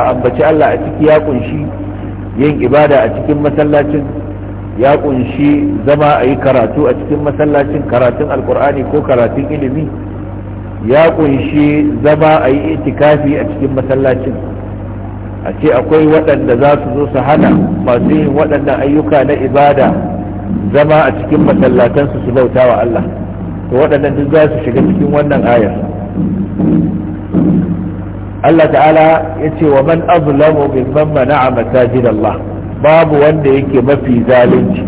ambaci Allah a ciki ya kunshi yin ibada a cikin masallacin ya kunshi zama a yi karatu a cikin masallacin karatun alkur'ani ko karatun ilimi ya kunshi zama a yi itikafi a cikin masallacin a ce akwai waɗanda za su zo su hana masu yin waɗannan ayyuka na ibada zama a cikin masallatansu su bauta wa Allah to waɗannan duk za su shiga cikin wannan ayar Allah ta'ala ya ce wa man azlamu mimman mana'a masajid Allah babu wanda yake mafi zalunci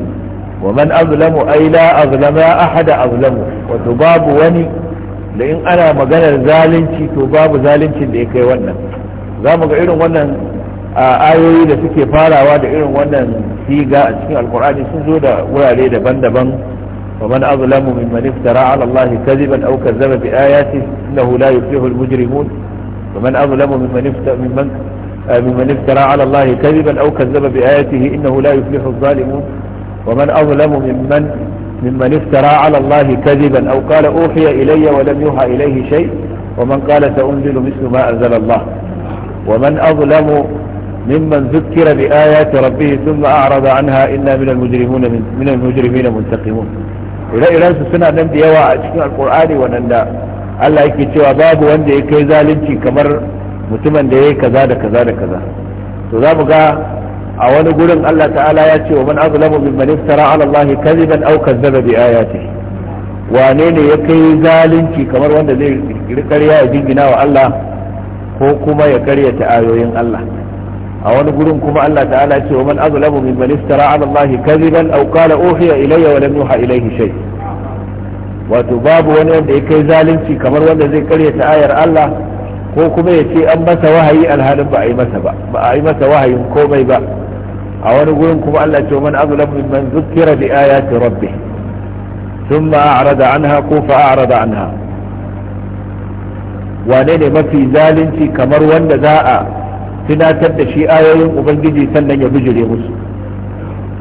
wa man azlamu ai la azlama ahada azlamu wato babu wani da in ana maganar zalunci to babu zaluncin da ya kai wannan za mu ga irin wannan ayoyi da suke farawa da irin wannan siga a cikin alkur'ani sun zo da wurare daban-daban wa man azlamu mimman iftara ala Allah kadiban aw kazzaba bi ayati innahu la yuflihu al-mujrimun ومن أظلم ممن افترى, ممن آه، ممن افترى على الله كذبا أو كذب بآياته إنه لا يفلح الظالمون ومن أظلم ممن ممن افترى على الله كذبا أو قال أوحي إلي ولم يوحى إليه شيء ومن قال سأنزل مثل ما أنزل الله ومن أظلم ممن ذكر بآيات ربه ثم أعرض عنها إنا من المجرمون من المجرمين منتقمون إلى irensu suna nan da yawa القرآن cikin Allah yake cewa babu wanda ya kai zalunci kamar mutumin da ya yi kaza da kaza da kaza to za mu ga a wani gurin Allah ta'ala ya ce wa man azlamu mimman iftara ala Allah kadiban aw kazzaba bi ayatihi wane ne ya kai zalunci kamar wanda zai karya ya jingina wa Allah ko kuma ya karyata ayoyin Allah a wani gurin kuma Allah ta'ala ce wa man azlamu mimman iftara ala Allah kadiban aw qala uhiya ilayya wa lam yuha ilayhi shay' wato babu wani wanda ya kai zalunci kamar wanda zai karyata ayar Allah ko kuma ya ce an masa wahayi alhalin ba a yi masa ba ba a yi masa wahayin komai ba a wani gurin kuma Allah ce man azlam mimman zukkira bi ayati rabbih thumma a'rada anha ko fa a'rada anha wane ne mafi zalunci kamar wanda za a tunatar da shi ayoyin ubangiji sannan ya bijire musu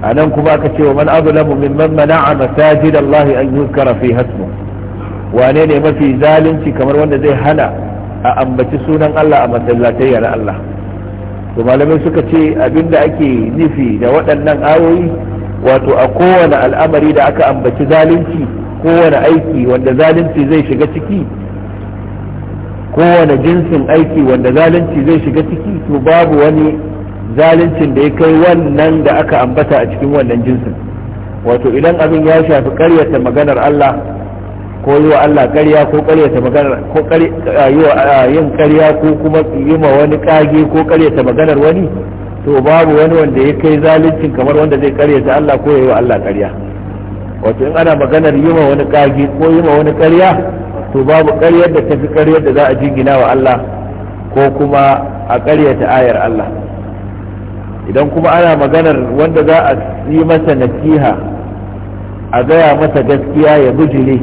anan kuma aka ce wa man azlamu mimman mana'a masajid Allah an yuzkara fi hasmu wane ne mafi zalunci kamar wanda zai hana a ambaci sunan Allah a masallatai na Allah to malamai suka ce abinda ake nufi da waɗannan ayoyi wato a kowane al'amari da aka ambaci zalunci kowane aiki wanda zalunci zai shiga ciki kowane jinsin aiki wanda zalunci zai shiga ciki to babu wani Zalincin da ya kai wannan da aka ambata a cikin wannan jinsin wato idan abin ya shafi karyata maganar Allah ko yi wa Allah karya ko karyata maganar ko yin karya ko kuma yi ma wani kage ko karyata maganar wani to babu wani wanda ya kai zaluncin kamar wanda zai karyata Allah ko yi wa Allah karya wato in ana maganar yi ma wani kage ko yi ma wani karya to babu karyar da tafi karyar da za a jingina wa Allah ko kuma a karyata ayar Allah idan kuma ana maganar wanda za a yi masa nasiha a gaya masa gaskiya ya bijile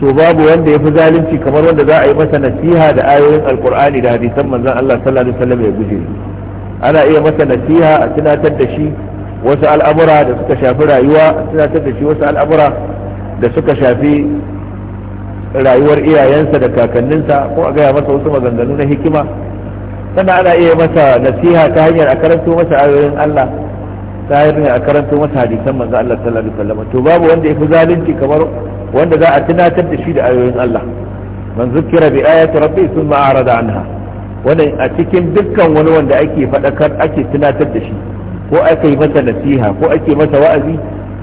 to babu wanda ya fi zalunci kamar wanda za a yi masa nasiha da ayoyin alkur'ani da hadisan manzan Allah sallallahu alaihi wasallam ya bijile ana iya masa nasiha a tunatar da shi wasu al'amura da suka shafi rayuwa a tunatar da shi wasu al'amura da suka shafi rayuwar iyayensa da kakanninsa ko a gaya masa wasu maganganu na hikima sannan ana iya masa nasiha ta hanyar a karanto masa ayoyin Allah ta hanyar a karanto masa hadisan manzo Allah sallallahu alaihi wasallam to babu wanda yafi zalunci kamar wanda za a tunatar da shi da ayoyin Allah man zukira bi ayati rabbi thumma arada anha wannan a cikin dukkan wani wanda ake fadakar ake tunatar da shi ko aka yi masa nasiha ko ake masa wa'azi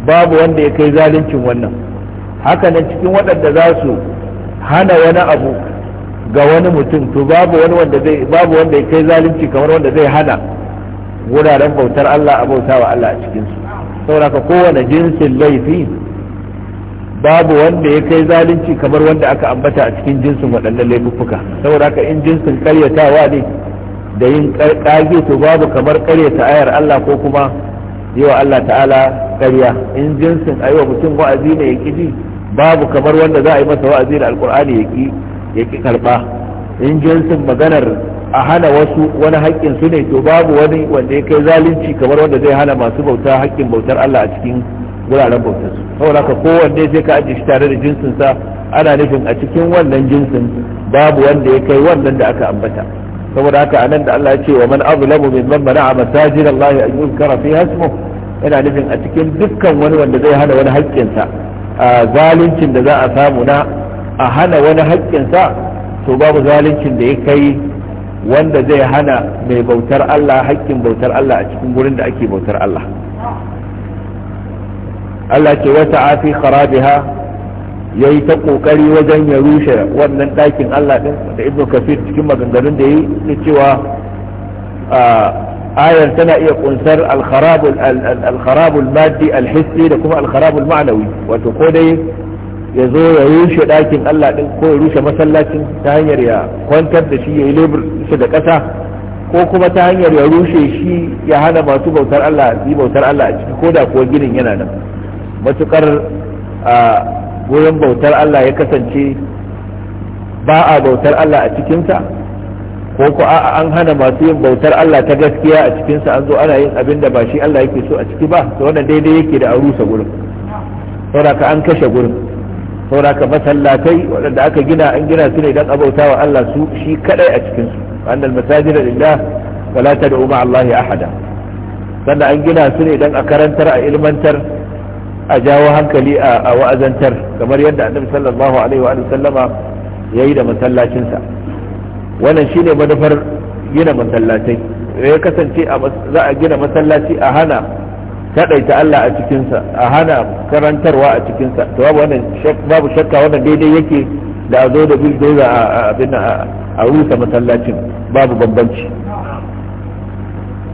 babu wanda ya kai zaluncin wannan haka nan cikin waɗanda za su hana wani abu ga wani mutum to babu wani wanda zai babu wanda ya kai zalunci kamar wanda zai hana wuraren bautar Allah a wa Allah a cikin su saboda kowane jinsin laifi babu wanda ya kai zalunci kamar wanda aka ambata a cikin jinsin waɗannan laifuffuka saboda haka in jinsin karyatawa ne da yin ƙage to babu kamar karyata ayar Allah ko kuma yi wa Allah ta'ala karya in jinsin aiwa mutum wa'azi ne ya ƙi babu kamar wanda za a yi masa wa'azi da alƙur'ani ya ƙi ya ki karba in jinsin maganar a hana wasu wani haƙƙin su ne to babu wani wanda ya kai zalunci kamar wanda zai hana masu bauta haƙƙin bautar Allah a cikin wuraren bautar su kawai ka kowanne sai ka ajiye shi tare da jinsin sa ana nufin a cikin wannan jinsin babu wanda ya kai wannan da aka ambata saboda haka nan da Allah ya ce wa man azlamu mimman mana'a masajid Allah an yuzkara fiha ismuhu yana nufin a cikin dukkan wani wanda zai hana wani haƙƙinsa a zaluncin da za a samu na a hana wani haƙƙinsa to babu zalincin da ya kai wanda zai hana mai bautar Allah haƙƙin bautar Allah a cikin gurin da ake bautar Allah Allah ce wata afi kharabiha ya yi ta ƙoƙari wajen ya rushe wannan ɗakin Allah ɗin da ibnu kafir cikin maganganun da ya yi cewa ayar tana iya kunsar alkharabul maddi alhissi da kuma alkharabul ma'anawi wato ko dai ya zo ya rushe ɗakin Allah ɗin ko ya rushe masallacin ta hanyar ya kwantar da shi ya yi lebur su da ƙasa ko kuma ta hanyar ya rushe shi ya hana masu bautar Allah yi bautar Allah a ciki ko da kuwa ginin yana nan matukar a wurin bautar Allah ya kasance ba a bautar Allah a cikinsa ko ko a an hana masu yin bautar Allah ta gaskiya a cikinsa an zo ana yin abin da ba shi Allah yake so a ciki ba to wannan daidai yake da a rusa gurin saboda ka an kashe gurin saura ka masallatai waɗanda aka gina an gina su ne don wa Allah su shi kadai a cikin su annal masajid lillah wala tad'u ma Allah ahada sannan an gina su ne don a karantar a ilmantar a jawo hankali a wa'azantar kamar yadda annabi sallallahu alaihi wa sallama yayi da masallacinsa wannan shine manufar gina masallatai ya kasance za a gina masallaci a hana kadaita Allah a cikinsa a hana karantarwa a cikinsa to babu wannan babu shakka wannan daidai yake da a zo da bildoza a abin a rusa masallacin babu bambanci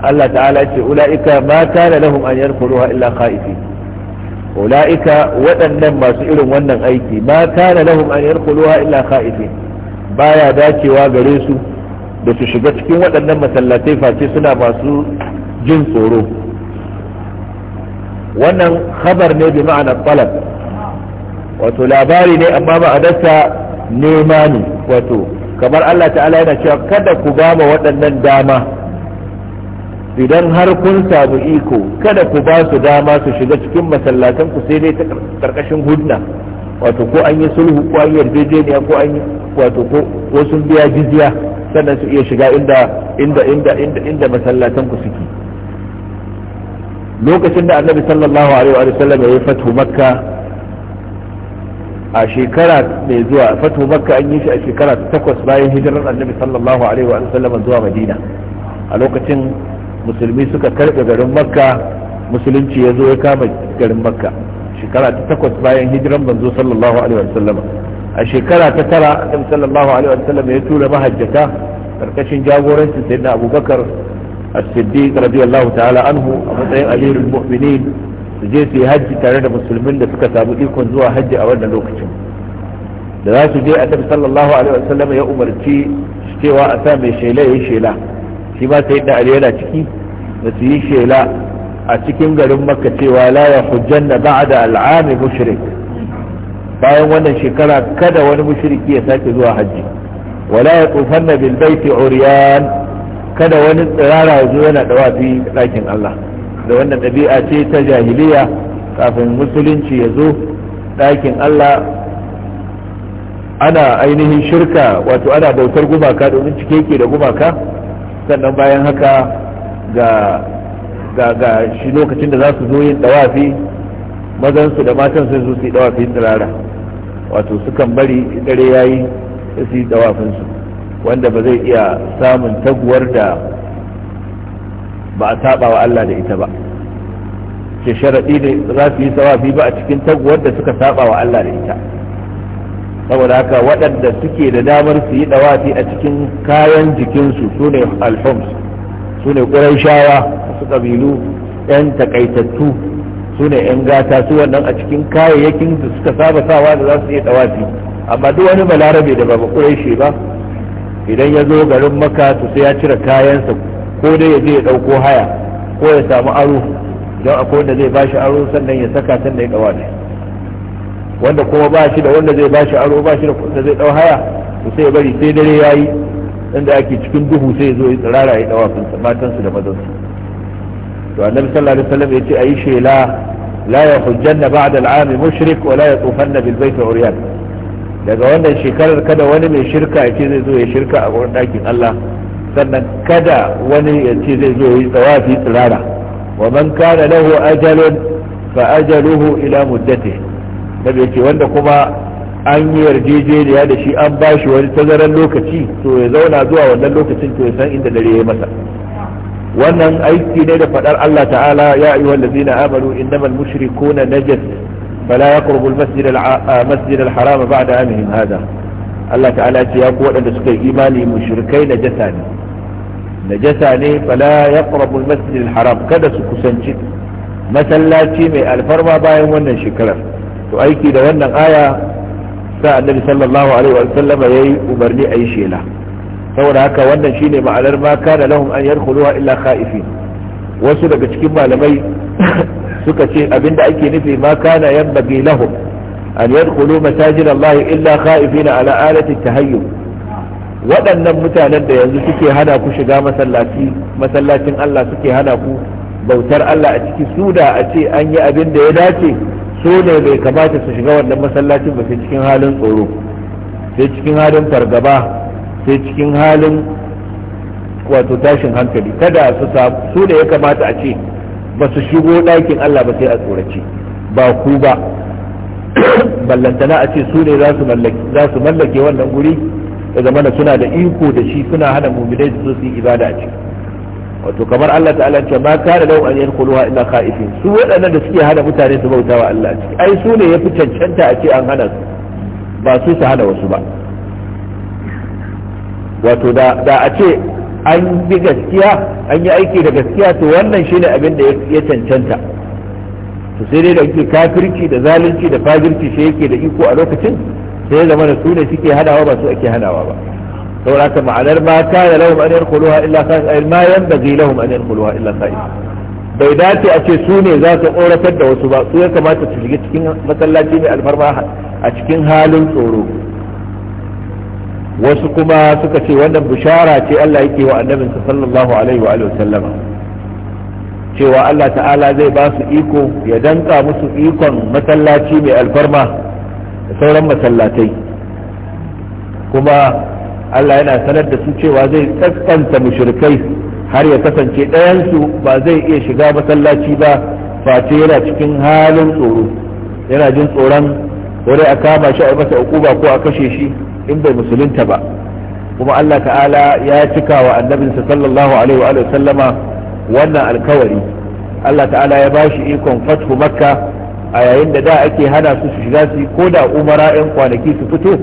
Allah ta'ala ce ula'ika ma kana lahum an yadkhuluha illa khaifi ula'ika waɗannan masu irin wannan aiki ma kana lahum an yadkhuluha illa khaifi baya dacewa gare su da su shiga cikin waɗannan masallatai face suna masu jin tsoro wannan khabar ne bi ma'ana talab wato labari ne amma ma'anarsa nema ne wato kamar Allah ta'ala yana cewa kada ku gama waɗannan dama idan har kun samu iko kada ku ba su dama su shiga cikin masallatan ku sai dai ta karkashin hudna wato ko an yi sulhu ko an yarjejeniya ko an wato ko sun biya jizya sannan su iya shiga inda inda inda inda inda masallatan ku suke lokacin da annabi sallallahu alaihi wa sallam ya yi fatu makka a shekara mai zuwa fatu makka an yi shi a shekara ta takwas bayan hijirar annabi sallallahu alaihi wa sallam zuwa madina a lokacin musulmi suka karɓe garin makka musulunci ya zo ya kama garin makka shekara ta takwas bayan hijiran manzo sallallahu alaihi wa sallam a shekara ta tara annabi sallallahu alaihi wa sallam ya tura mahajjata karkashin jagorancin sayyidina abubakar as-siddiq radiyallahu ta'ala anhu a matsayin amirul mu'minin su je su hajji tare da musulmin da suka samu ikon zuwa hajji a wannan lokacin da za su je annabi sallallahu alaihi wasallam ya umarci cewa a sa mai shela yayi shela shi ma sai da ali yana ciki da su yi shela a cikin garin makka cewa la ya hujjanna ba'da al'ami mushrik bayan wannan shekara kada wani mushriki ya sake zuwa hajji wala ya tsufanna bil baiti uriyan kada wani tsirara ya zo yana dawafi ɗakin Allah da wannan ɗabi'a ce ta jahiliya kafin musulunci ya zo ɗakin Allah ana ainihin shirka wato ana bautar gumaka domin cike ke da gumaka sannan bayan haka ga ga shi lokacin da za su zo yin dawafi su da matan sun zo su yi dawafin tsirara wato sukan bari dare yayi su yi su wanda ba zai iya samun taguwar da ba a saba wa Allah da ita ba ce sharaɗi ne za su yi sawafi ba a cikin taguwar da suka saba wa Allah da ita saboda haka waɗanda suke da damar su yi dawafi a cikin kayan jikinsu su ne alhums su ne ƙuraishawa su ƙabilu 'yan takaitattu su ne 'yan gata su wannan a cikin kayayyakin da suka saba sawa da za su iya dawafi amma duk wani balarabe da ba ba ƙuraishi ba idan ya zo garin maka to sai ya cire kayansa ko dai ya je ya ɗauko haya ko ya samu aro idan akwai wanda zai bashi aro sannan ya saka sannan ya ɗawa wanda kuma ba shi da wanda zai bashi aro ba shi da wanda zai ɗau haya to sai ya bari sai dare ya yi inda ake cikin duhu sai ya zo ya tsirara ya ɗawa matansu da mazansu to annabi sallallahu alaihi wasallam ya ce a yi shela la ya hujjanna ba'da al'ami mushrik wa la ya tsofanna bil baiti uryan daga wannan shekarar kada wani mai shirka ya ce zai zo ya shirka a wurin ɗakin Allah sannan kada wani ya ce zai zo yi tsawafi tsirara wa man kana lahu ajalun fa ajaluhu ila muddati nabi ce wanda kuma an yi yarjejeniya da shi an ba shi wani tazaran lokaci to ya zauna zuwa wannan lokacin to ya san inda dare ya masa wannan aiki ne da faɗar Allah ta'ala ya ayyuhal inna amanu innamal mushrikuna najas فلا يقرب المسجد المسجد الحرام بعد عامهم هذا الله تعالى يا قوة أن تسكي إيماني مشركي نجسا نجسا فلا يقرب المسجد الحرام كذا سكسنشي masallaci mai alfarma bayan wannan shekarar to aiki da wannan aya sa annabi sallallahu alaihi wa sallama yayi umarni ayi shela saboda haka wannan shine ma'anar ma kana lahum an yadkhuluha illa khaifin wasu daga cikin malamai suka ce abinda ake nufi ma kana yanbaghi lahum an yadkhulu masajid Allah illa khaifina ala alati tahayyum waɗannan mutanen da yanzu suke hana ku shiga masallaci masallacin Allah suke hana ku bautar Allah a ciki su da a ce an yi abin da ya dace su ne bai kamata su shiga wannan masallacin ba sai cikin halin tsoro sai cikin halin fargaba sai cikin halin wato tashin hankali kada su su ne ya kamata a ce ba su shigo ɗakin Allah ba sai a tsorace ba ku ba ballantana a ce su ne za su mallake wannan guri da zamana suna da iko da shi suna hana muminai su su ibada a ciki wato kamar Allah ta'ala ce ma kana lahum an yadkhuluha illa khaifin su waɗannan da suke hana mutane su bautawa Allah a ciki ai su ne fi cancanta a ce an hana su ba su su hana wasu ba wato da a ce an bi gaskiya an yi aiki da gaskiya to wannan shine abin da ya cancanta to sai dai da yake kafirci da zalunci da fajirci shi yake da iko a lokacin sai zama da su ne suke hadawa ba su ake hadawa ba saboda haka ma'anar ma kana lahum an yarquluha illa sa'il ma yanbaghi lahum an yarquluha illa sa'il bai dace a ce su ne za su tsoratar da wasu ba su ya kamata su shiga cikin masallaci mai alfarma a cikin halin tsoro wasu kuma suka ce wannan bishara ce Allah yake wa annabinsa sallallahu alaihi wa alihi sallama cewa Allah ta'ala zai ba su iko ya danka musu ikon masallaci mai alfarma da sauran masallatai kuma Allah yana sanar da su cewa zai kaskanta mushrikai har ya kasance ɗayansu ba zai iya shiga masallaci ba face yana cikin halin tsoro yana jin tsoron wani a kama shi a masa ukuba ko a kashe shi in bai musulunta ba kuma Allah ta'ala ya cika wa annabinsa sallallahu alaihi wa sallama wannan alkawari Allah ta'ala ya bashi ikon fathu makka a yayin da da ake hana su su shiga su ko da umara yan kwanaki su fito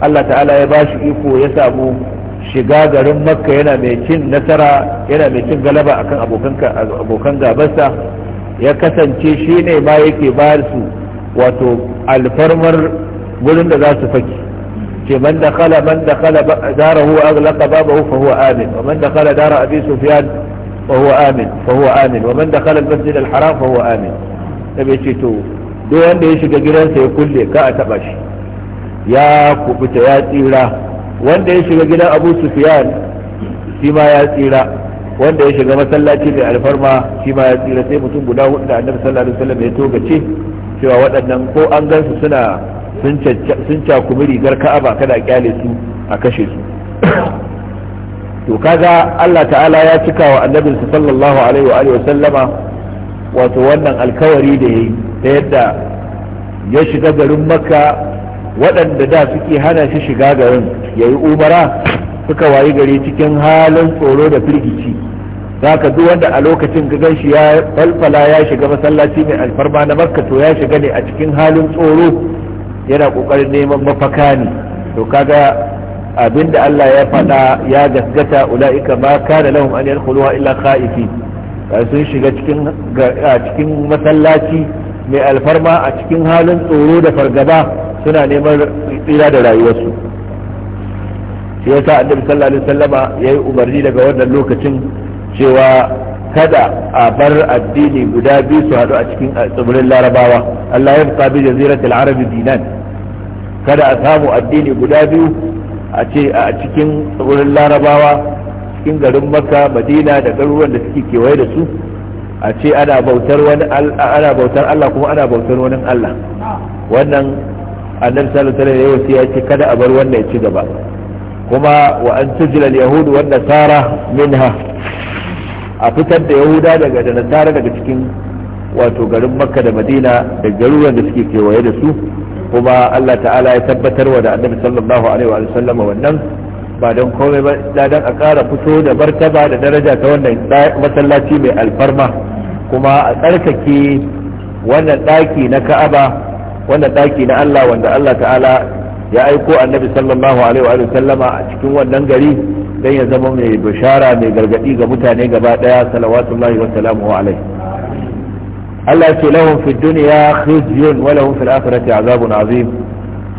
Allah ta'ala ya bashi iko ya samu shiga garin makka yana mai cin nasara yana mai cin galaba akan abokan gabansa ya kasance shi ne ma yake ba su wato alfarmar wurin da za su faki ce man kala man da dakhala darahu aghlaqa babahu fa huwa amin wa man dakhala dara abi sufyan fa huwa amin fa huwa amin wa man da kala masjid al-haram fa huwa amin nabi ce to duk wanda ya shiga gidansa ya kulle ka a taba shi ya kubuta ya tsira wanda ya shiga gidan abu sufyan shi ma ya tsira wanda ya shiga masallaci mai alfarma shi ma ya tsira sai mutum guda hudu da annabi sallallahu alaihi wasallam ya togace cewa waɗannan ko an gansu suna sun cakumi rigar ka'aba kada kyale su a kashe su to kaga Allah ta'ala ya cika wa Annabi sallallahu alaihi wa alihi sallama wato wannan alkawari da yayi ta yadda ya shiga garin makka waɗanda da suke hana shi shiga garin yayi umara suka wayi gari cikin halin tsoro da firgici zaka duk wanda a lokacin ka ganshi ya falfala ya shiga masallaci mai alfarma na makka to ya shiga ne a cikin halin tsoro yana kokarin neman mafaka ne to kaga abinda Allah ya faɗa ya gaskata ula'ika ma kana lahum an yadkhuluha illa khaifi sun shiga cikin cikin masallaci mai alfarma a cikin halin tsoro da fargaba suna neman tsira da rayuwarsu shi yasa annabi sallallahu alaihi wasallama yayi umarni daga wannan lokacin cewa kada a bar addini guda biyu su haɗu a cikin tsibirin larabawa Allah ya fi jazirar al arabi dinan kada a samu addini guda biyu a ce a cikin wurin larabawa cikin garin makka madina da garuruwan da suke kewaye da su a ce ana bautar wani ana bautar Allah kuma ana bautar wani Allah wannan annabi sallallahu alaihi wasallam ya ce kada a bar wannan ya ci gaba kuma wa an tujila al-yahud wa nasara minha a fitar da yahuda daga da nasara daga cikin wato garin makka da madina da garuruwan da suke kewaye da su kuma Allah ta'ala ya tabbatar wa da annabi sallallahu alaihi wa sallam wannan ba don komai ba da don a ƙara fito da martaba da daraja ta wannan masallaci mai alfarma kuma a tsarkake wannan ɗaki na ka'aba wannan ɗaki na Allah wanda Allah ta'ala ya aiko annabi sallallahu alaihi wa sallama a cikin wannan gari don ya zama mai bishara mai gargadi ga mutane gaba daya salawatullahi wa salamuhu alaihi Allah ce lahum fi dunya khizyun wa lahum fil akhirati azabun azim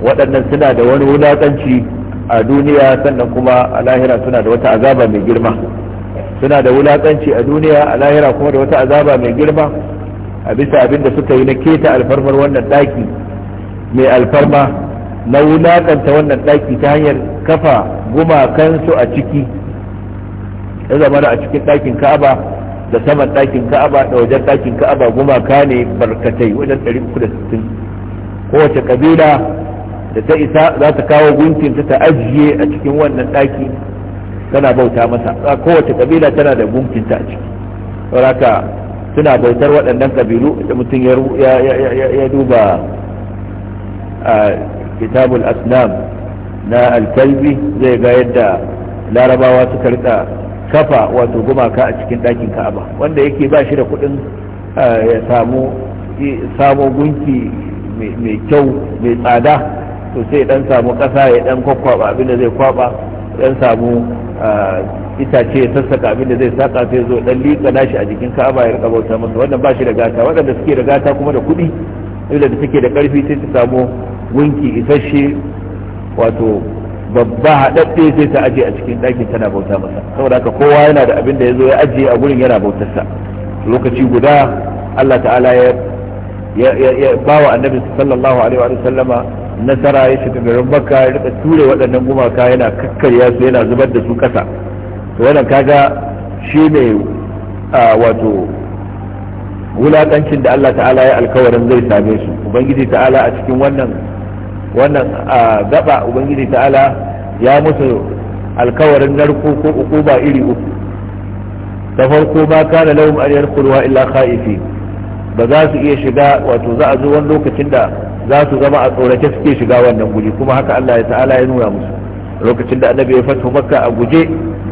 waɗannan suna da wani wulaƙanci a duniya sannan kuma a lahira suna da wata azaba mai girma suna da wulaƙanci a duniya a lahira kuma da wata azaba mai girma a bisa abin da suka yi na keta alfarmar wannan daki mai alfarma na wulaƙanta wannan daki ta hanyar kafa gumakansu a ciki ya zama a cikin dakin ka'aba da saman ɗakin ka'aba da wajen ɗakin ka'aba gumaka ne barkatai wajen 360 kowace ƙabila da ta isa za ta kawo gunkinta ta ajiye a cikin wannan ɗaki tana bauta masa kowace ƙabila tana da gunkinta a ciki sauraka suna bautar waɗannan ƙabilu da mutum ya duba a kitabul asnam na alkalbi zai ga yadda larabawa suka rika kafa wato gumaka a cikin ɗakin ka'aba wanda yake ba shi da kuɗin ah, ya samu samo gunki mai kyau mai tsada to sai dan samu ƙasa ya dan kwakwaba abin da zai kwaba dan samu ah, itace ya sassaka abin da zai saka sai zo dan liƙa nashi a jikin ka'aba ya rika bauta masa wannan ba shi da gata waɗanda suke da gata kuma da kuɗi da suke da ƙarfi sai su samu gunki isasshe wato babba haɗaɗɗe sai ta ajiye a cikin ɗakin tana bauta masa saboda haka kowa yana da abin da ya zo ya ajiye a gurin yana bautar sa lokaci guda Allah ta'ala ya ya bawa annabi sallallahu alaihi wa sallama nasara ya shiga garin bakka ya rika ture waɗannan gumaka yana kakkarya su yana zubar da su ƙasa to wannan kaga shi ne wato wulakancin da Allah ta'ala ya alkawarin zai same su ubangiji ta'ala a cikin wannan wannan gaba ubangiji ta'ala ya musu alkawarin narko ko ukuba iri uku ta farko ma kana lahum an yadkhuluha illa khaifin ba za su iya shiga wato za a zo wani lokacin da za su zama a tsorace suke shiga wannan guri kuma haka Allah ya ta'ala ya nuna musu lokacin da annabi ya fito makka a guje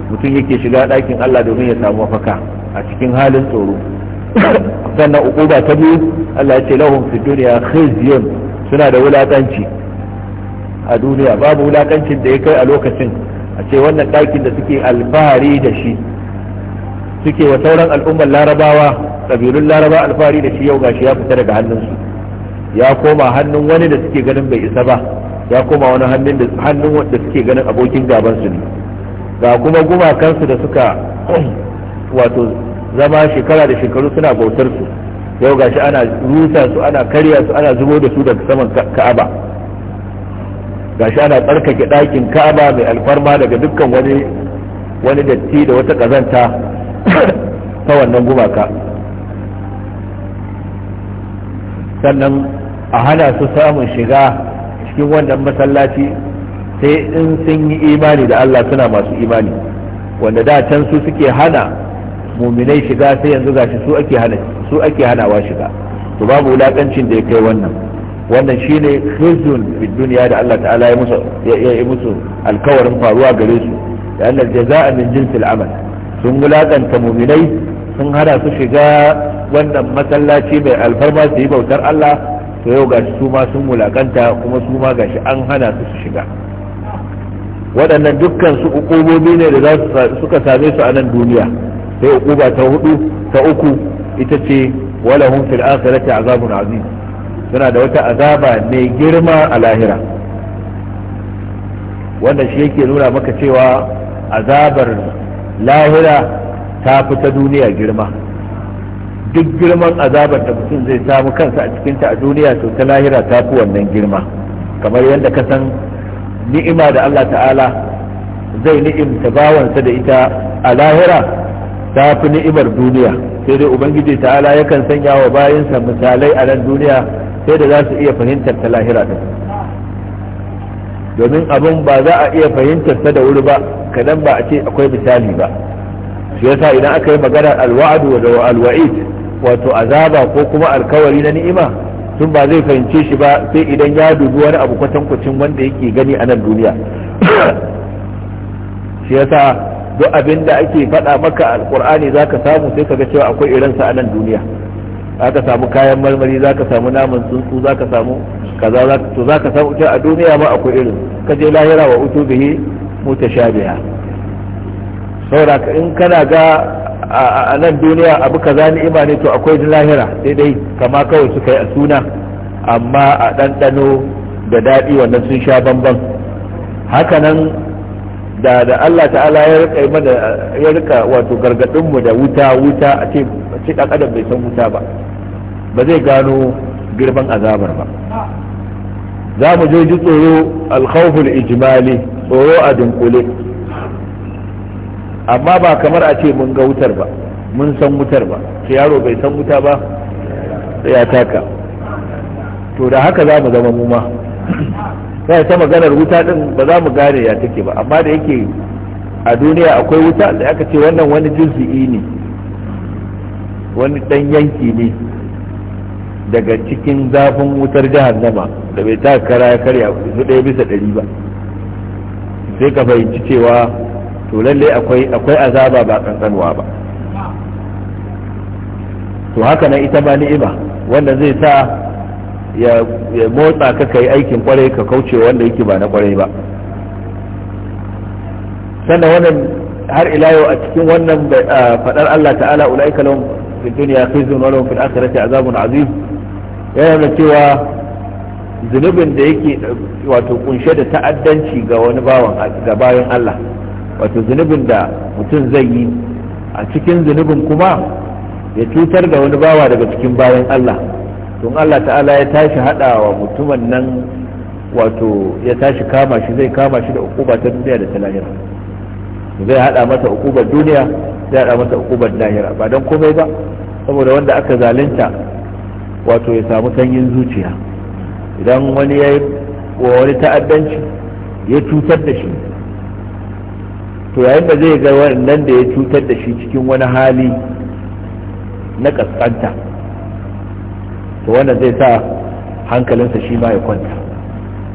mutum yake shiga ɗakin Allah domin ya samu mafaka a cikin halin tsoro sannan ukuba ta biyu Allah ya ce lahum fid dunya khizyun suna da wulakanci a duniya babu wulakancin da ya kai a lokacin a ce wannan ɗakin da suke alfahari da shi suke wa sauran al'ummar larabawa ƙabilun laraba alfahari da shi yau gashi ya fita daga hannunsu ya koma hannun wani da suke ganin bai isa ba ya koma wani hannun da hannun da suke ganin abokin gaban su ne ga kuma gumakansu da suka wato zama shekara da shekaru suna bautar su yau gashi ana rusa su ana karya su ana zubo da su daga saman ka'aba gashi ana tsarkake ɗakin kaba mai alfarma daga dukkan wani wani datti da wata ƙazanta ta wannan gumaka sannan a hana su samun shiga cikin wannan masallaci sai in sun yi imani da Allah suna masu imani wanda da can su suke hana muminai shiga sai yanzu gashi su ake hana su ake hanawa shiga to babu wulakancin da ya kai wannan wannan shine khizyun fid dunya da Allah ta'ala ya musu ya yi musu alkawarin faruwa gare su da Allah jaza'a min jinsil amal sun wulakanta muminai sun hana su shiga wannan masallaci mai alfarma su yi bautar Allah to yau gashi su ma sun mulakanta kuma su ma gashi an hana su su shiga waɗannan dukkan su ukubobi ne da za su suka same su a nan duniya sai ukuba ta hudu ta uku ita ce walahum fil akhirati azabun azim suna da wata azaba mai girma a lahira wanda shi yake nuna maka cewa azabar lahira ta fi ta duniya girma duk girman azabar da mutum zai samu kansa a cikinta a duniya to ta lahira ta fi wannan girma kamar yadda ka san ni'ima da Allah ta'ala zai ni'imta bawansa da ita a lahira ta fi ni'imar duniya sai dai ubangiji ta'ala yakan sanya wa bayansa misalai a nan duniya sai da za su iya fahimtar ta lahira ta domin abin ba za a iya fahimtar ta da wuri ba kadan ba a ce akwai misali ba shi yasa idan aka yi maganar alwa'adu da alwa'id wato azaba ko kuma alkawari na ni'ima tun ba zai fahimce shi ba sai idan ya dubi wani abu kucin wanda yake gani a nan duniya shi yasa duk abin da ake faɗa maka alƙur'ani za ka samu sai ka ga cewa akwai irinsa a nan duniya za ka samu kayan marmari za ka samu naman tsuntsu za ka samu kaza to za ka samu ita a duniya ma akwai irin ka je lahira wa utu bihi mutashabiha saboda in kana ga a nan duniya abu kaza ni ne to akwai lahira daidai dai kama kawai suka yi a suna amma a ɗanɗano da daɗi wannan sun sha bamban hakanan da da Allah ta'ala ya rika mana ya rika wato gargadin mu da wuta wuta a ce ce dan adam bai san wuta ba ba zai gano girman azabar ba za mu je ji tsoro alkhawful ijmali tsoro a dunkule amma ba kamar a ce mun ga wutar ba mun san wutar ba ce yaro bai san wuta ba sai ya taka to da haka za mu zama mu ma ya ta maganar wuta din ba za mu gane ya take ba amma da yake a duniya akwai wuta da aka ce wannan wani juz'i ne wani dan yanki ne daga cikin zafin wutar jihar jahannama da bai ta kara ya karya su ɗaya bisa ɗari ba sai ka fahimci cewa to lalle akwai akwai azaba ba kankanwa ba to haka nan ita ba ni'ima wanda zai sa ya motsa ka kai aikin kwarai ka kauce wanda yake ba na kwarai ba sannan wannan har ila yau a cikin wannan fadar Allah ta'ala ulaika lahum fid dunya khizun wa lahum fil akhirati azabun azim yana da cewa zunubin da yake wato kunshe da ta'addanci ga wani bawan ga bayan Allah wato zunubin da mutum zai yi a cikin zunubin kuma ya cutar da wani bawa daga cikin bayan Allah tun Allah ta'ala ya tashi haɗawa mutumin nan wato ya tashi kama shi zai kama shi da ukuba ta duniya da ta lahira zai haɗa masa ukubar duniya zai haɗa masa ukubar lahira ba don komai ba saboda wanda aka zalunta wato ya samu sanyin zuciya idan wani ya yi wani ta'addanci ya cutar da shi to yayin da zai ga wannan da ya cutar da shi cikin wani hali na kaskanta to wannan zai sa hankalinsa shi ma ya kwanta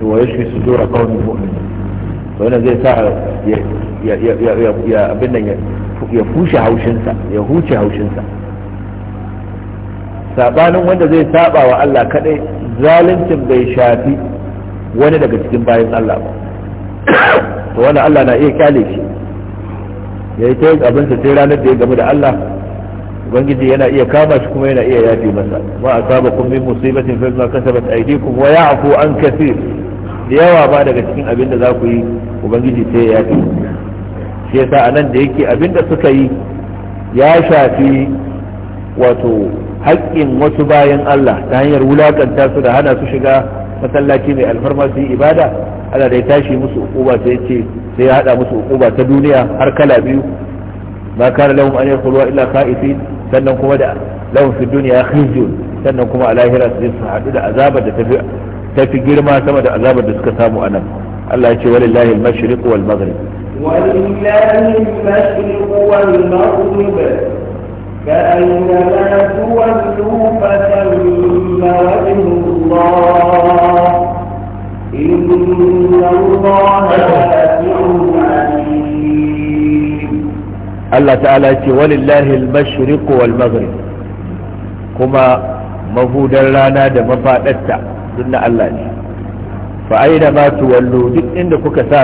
wa yashfi sudura qaumin mu'minin to wannan zai sa ya abin nan ya fushe haushinsa ya huce haushinsa sabanin wanda zai saba wa Allah kadai zaluncin bai shafi wani daga cikin bayan Allah ba to wannan Allah na iya kyale shi ya yi ta yin abinsa sai ranar da ya gamu da Allah ubangiji yana iya kama shi kuma yana iya yafi masa ma asabakum min musibatin fa bima kasabat aydikum wa ya'fu an kathir da yawa ba daga cikin abin da za ku yi ubangiji sai ya yafe shi yasa anan da yake abin da suka yi ya shafi wato haƙƙin wasu bayan Allah ta hanyar wulakanta su da hana su shiga masallaci mai alfarma su yi ibada Allah da ya tashi musu ukuba sai ya ce sai ya hada musu ukuba ta duniya har kala biyu ma kana lahum an yaqulu illa khaifin sannan kuma da lahum fi dunya khizyun sannan kuma a lahira su su haɗu da azabar da ta fi girma sama da azabar da suka samu a nan Allah ya ce walillahi al-mashriq wal maghrib walillahi al-mashriq wal maghrib فأينما تولوا فثم وجه الله Allah ta'ala ce walillahi al-mashriq wal maghrib kuma mahudar rana da mafadarta duk na Allah ne fa aina ma tuwallu duk inda kuka sa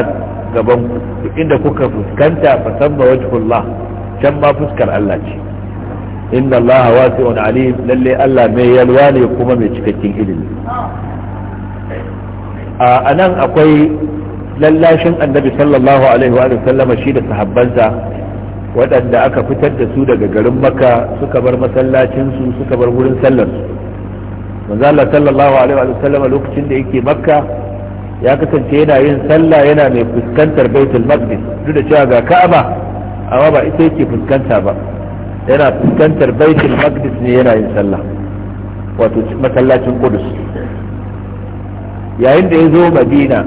gaban ku duk inda kuka fuskanta fa sabba wajhullah can ma fuskar Allah ce inna Allah wasi'un alim lalle Allah mai yalwa ne kuma mai cikakken ilimi a nan akwai lallashin annabi sallallahu alaihi wa sallama shi da sahabbansa waɗanda aka fitar da su daga garin maka suka bar masallacinsu suka bar wurin sallarsu manzo Allah sallallahu alaihi wa sallam lokacin da yake makka ya kasance yana yin sallah yana mai fuskantar baitul maqdis duk da cewa ga ka'aba amma ba ita yake fuskanta ba yana fuskantar baitul maqdis ne yana yin sallah wato masallacin qudus yayin da ya zo madina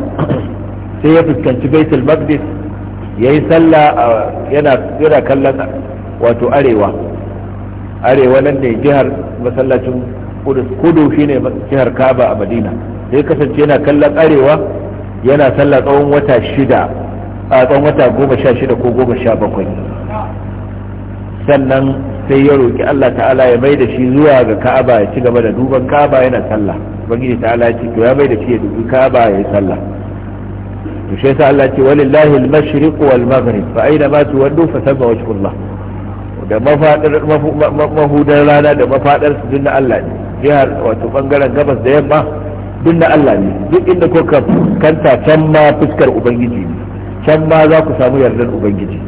sai ya fuskanci baitul maqdis ya yi sallah yana kallon wato arewa arewa nan ne jihar masallacin kudu shi ne jihar kaba a madina sai kasance yana kallon arewa yana sallah tsawon wata shida a tsawon wata goma sha shida ko goma sha bakwai sannan sai ya roƙi Allah ta'ala ya mai da shi zuwa ga ka'aba ya ci gaba da duban ka'aba yana sallah ubangiji ta'ala ya ce to ya mai da shi ya dubi ka'aba ya yi sallah to shi yasa Allah ce walillahi al-mashriq wal maghrib fa aina ma tuwaddu fa sabba wajhullah da mafadar mahudar rana da mafadar su dinna Allah ne jihar wato bangaren gabas da yamma dinna Allah ne duk inda kuka kanta can ma fuskar ubangiji ne can ma za ku samu yardar ubangiji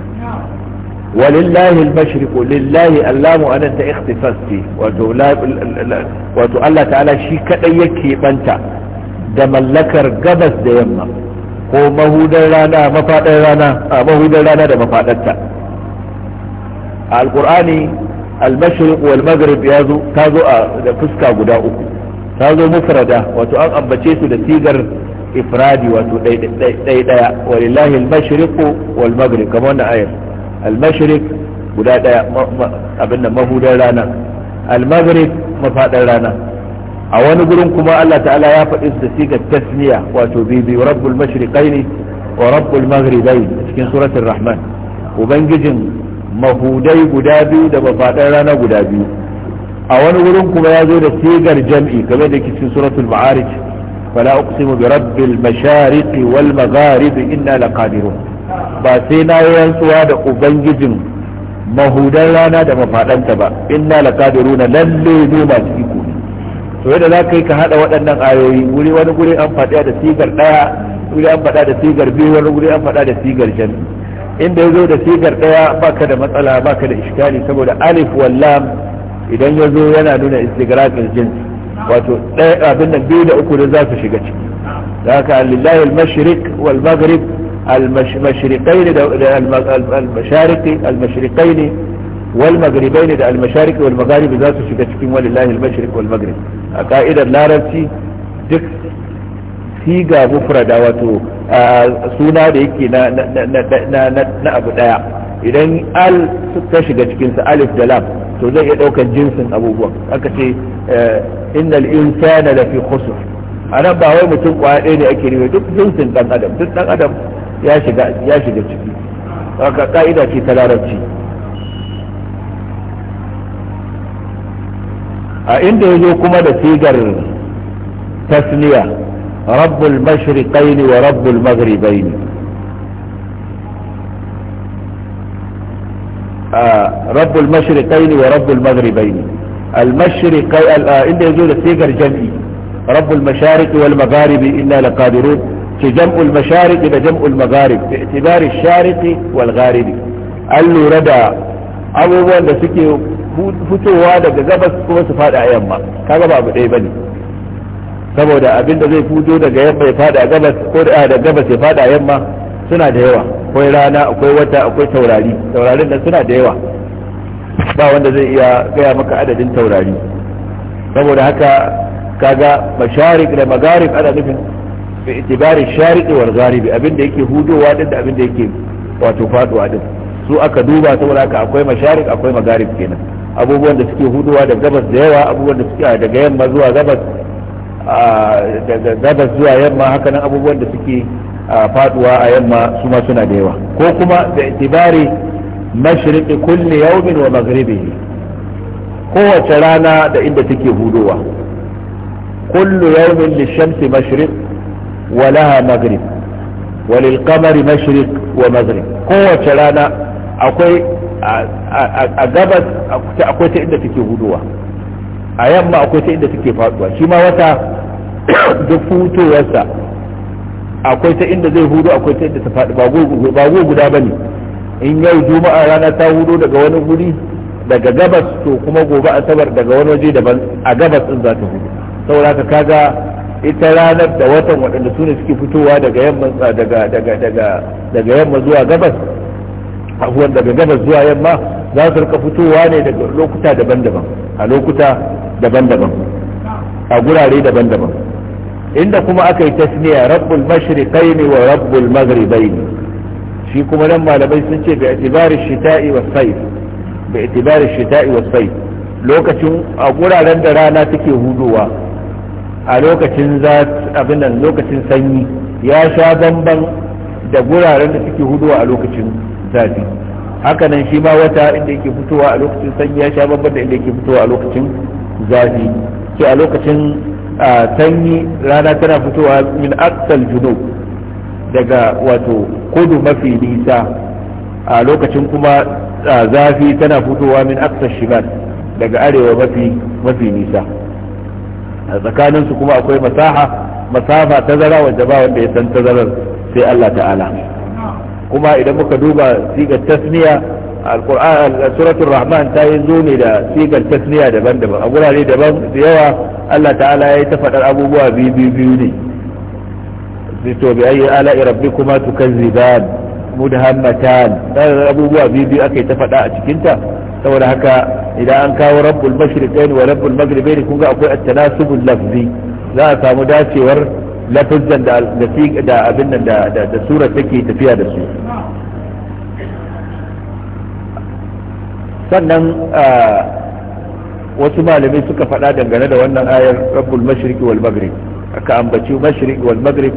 walillahi al-mashriq lillahi allamu anan ta ikhtisas wato wato Allah ta'ala shi kadai yake banta da mallakar gabas da yamma ko mahudar rana mafaɗar rana a mahudar rana da mafadarta. a alƙur'ani al-mashriq wal maghrib ya zo ta zo a da fuska guda uku ta zo mufrada wato an ambace su da sigar ifradi wato ɗaya ɗaya walillahi al-mashriq wal maghrib kamar wannan ayar al-mashriq guda ɗaya abin da mahudar rana al-maghrib mafaɗar rana a wani gurin kuma Allah ta'ala ya faɗi su da sigar tasmiya wato bibi rabbul mashriqaini wa rabbul maghribai cikin suratul rahman ubangijin mahudai guda biyu da mafaɗan rana guda biyu a wani gurin kuma ya zo da sigar jam'i kamar da cikin suratul ma'arij fala uqsimu bi rabbil mashariqi wal magharibi inna laqadirun ba sai na yi rantsuwa da ubangijin mahudan rana da mafaɗanta ba inna laqadiruna lalle mu masu to yadda za ka yi ka haɗa waɗannan ayoyi wuri wani guri an faɗa da sigar ɗaya wuri an faɗa da sigar biyu wani guri an faɗa da sigar jan inda ya zo da sigar ɗaya baka da matsala baka da iskali saboda alif wallam idan ya zo yana nuna istigraqil jinsi wato ɗaya abin nan biyu da uku da za su shiga ciki da haka lillahi al-mashriq wal maghrib al-mashriqaini da al-mashariqi al-mashriqaini wal maghribaini da al-mashariqi wal maghrib za su a ka'idar larabci duk siga mufrada wato suna da yake na abu daya idan al ta shiga cikinsa alif da lam to zai iya daukan jinsin abubuwan aka ce eh, innal insana lafi a nan ba wai mutum kwaya ɗaya ne ake nufi duk jinsin dan adam duk dan adam ya shiga ciki haka ka'ida ce ta larabci a inda ya zo kuma da sigar tasniya rabbul mashriqaini wa rabbul maghribaini rabbul mashriqaini wa rabbul maghribaini al-mashriqai inda ya zo da sigar jam'i rabbul mashariq wal magharibi inna laqadirun ce jam'ul mashariq da jam'ul magharib bi itibari ash-shariqi wal gharibi an lura da abubuwan da suke fitowa daga gabas kuma su fada a yamma kaga ba abu ɗaya bane saboda abin da zai fito daga yamma ya fada a gabas ko da gabas ya fada a yamma suna da yawa akwai rana akwai wata akwai taurari taurarin nan suna da yawa ba wanda zai iya gaya maka adadin taurari saboda haka kaga masharik da magarib ana nufin bi itibari sharidi wal gharibi abin da yake hudowa din da abin da yake wato faduwa din su aka duba saboda haka akwai masharik akwai magarib kenan abubuwan da suke huduwa da gabas da yawa abubuwan da suke daga yamma zuwa gabas daga gabas zuwa yamma haka nan abubuwan da suke faduwa a yamma su ma suna da yawa ko kuma da itibari mashriqi kulli yawmin wa maghribihi kowace rana da inda take hudowa kullu yawmin lishamsi mashriq wa laha maghrib wa lil mashriq wa maghrib kowace rana akwai a gabas akwai ta inda take huduwa, a yamma akwai ta inda take faduwa shi ma wata duk hutowarsa akwai ta inda zai hudu akwai ta inda ta faɗi ba go guda ba ne in yau juma'a rana ta hudu daga wani guri daga gabas to kuma gobe asabar daga wani waje daban a gabas din za ta hudu saboda ka kaga ita ranar da watan waɗanda su ne suke fitowa daga yamma daga daga daga daga yamma zuwa gabas abuwan daga gabas zuwa yamma za su rika fitowa ne daga lokuta daban-daban a lokuta daban-daban a gurare daban-daban inda kuma aka yi tasniya rabbul mashriqai ne wa rabbul maghribai ne shi kuma nan malamai sun ce bai itibari shita'i wa sayf bai itibari shita'i wa sayf lokacin a guraren da rana take hudowa a lokacin za abin nan lokacin sanyi ya sha bamban da guraren da suke hudowa a lokacin hakanan shi ma wata inda yake fitowa a lokacin sanyi ya sha babban da inda yake fitowa a lokacin zafi ce a lokacin sanyi rana tana fitowa min aksal junub daga wato kudu mafi nisa a lokacin kuma zafi tana fitowa min aksal shimal daga arewa mafi mafi nisa a tsakaninsu kuma akwai masaha masafa tazara wanda ba wanda ya san tazarar sai Allah ta'ala kuma idan muka duba sigar tasniya alquran suratul rahman ta yi zo ne da sigar tasniya daban-daban a gurare daban da yawa Allah ta'ala ya yi ta faɗar abubuwa biyu biyu biyu ne zito bi ayi ala rabbikuma tukazziban mudhammatan abubuwa biyu biyu ake ta faɗa a cikinta? ta saboda haka idan an kawo rabbul mashriqain wa rabbul maghribain kun ga akwai at-tanasubul lafzi za a samu dacewar lafizan da da abin nan da da sura take tafiya da su sannan wasu malamai suka faɗa dangane da wannan ayar rabbul mashriqi wal maghrib aka ambaci mashriqi wal maghrib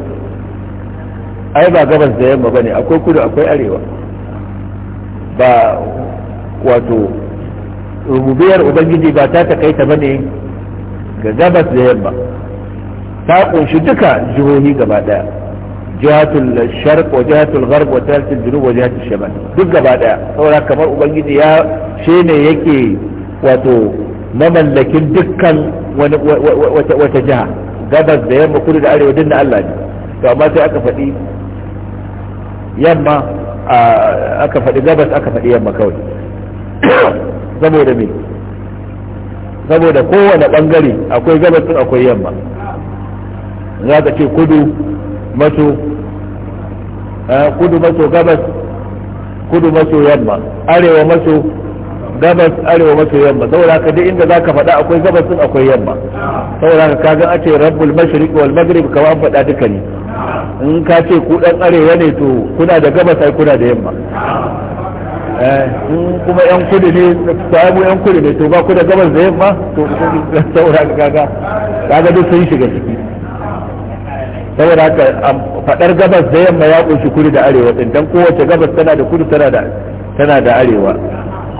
ai ba gabas da yamma bane akwai kudu akwai arewa ba wato rububiyar ubangiji ba ta takaita bane ga gabas da yamma ta kunshi duka jihohi gaba daya jihatul sharq wa jihatul gharb wa jihatul junub wa jihatul shimal duk gaba daya saboda kamar ubangiji ya shine yake wato mamallakin dukkan wata jiha gabas da yamma kudu da arewa dinna Allah ne to amma sai aka faɗi yamma aka faɗi gabas aka faɗi yamma kawai saboda me saboda kowane bangare akwai gabas akwai yamma za ka ce kudu maso kudu maso gabas kudu maso yamma arewa maso gabas arewa maso yamma saboda haka duk inda za ka faɗa akwai gabas din akwai yamma saboda haka kaga a ce rabbul mashriq wal maghrib ka an faɗa duka ne in ka ce ku dan arewa ne to kuna da gabas ai kuna da yamma eh, in kuma yan kudu ne samu yan kudu ne to ba ku da gabas da yamma to saboda haka kaga kaga duk sun shiga ciki saboda haka fadar gabas da yamma ya kunshi kudu da arewa din dan kowace gabas tana da kudu tana da tana da arewa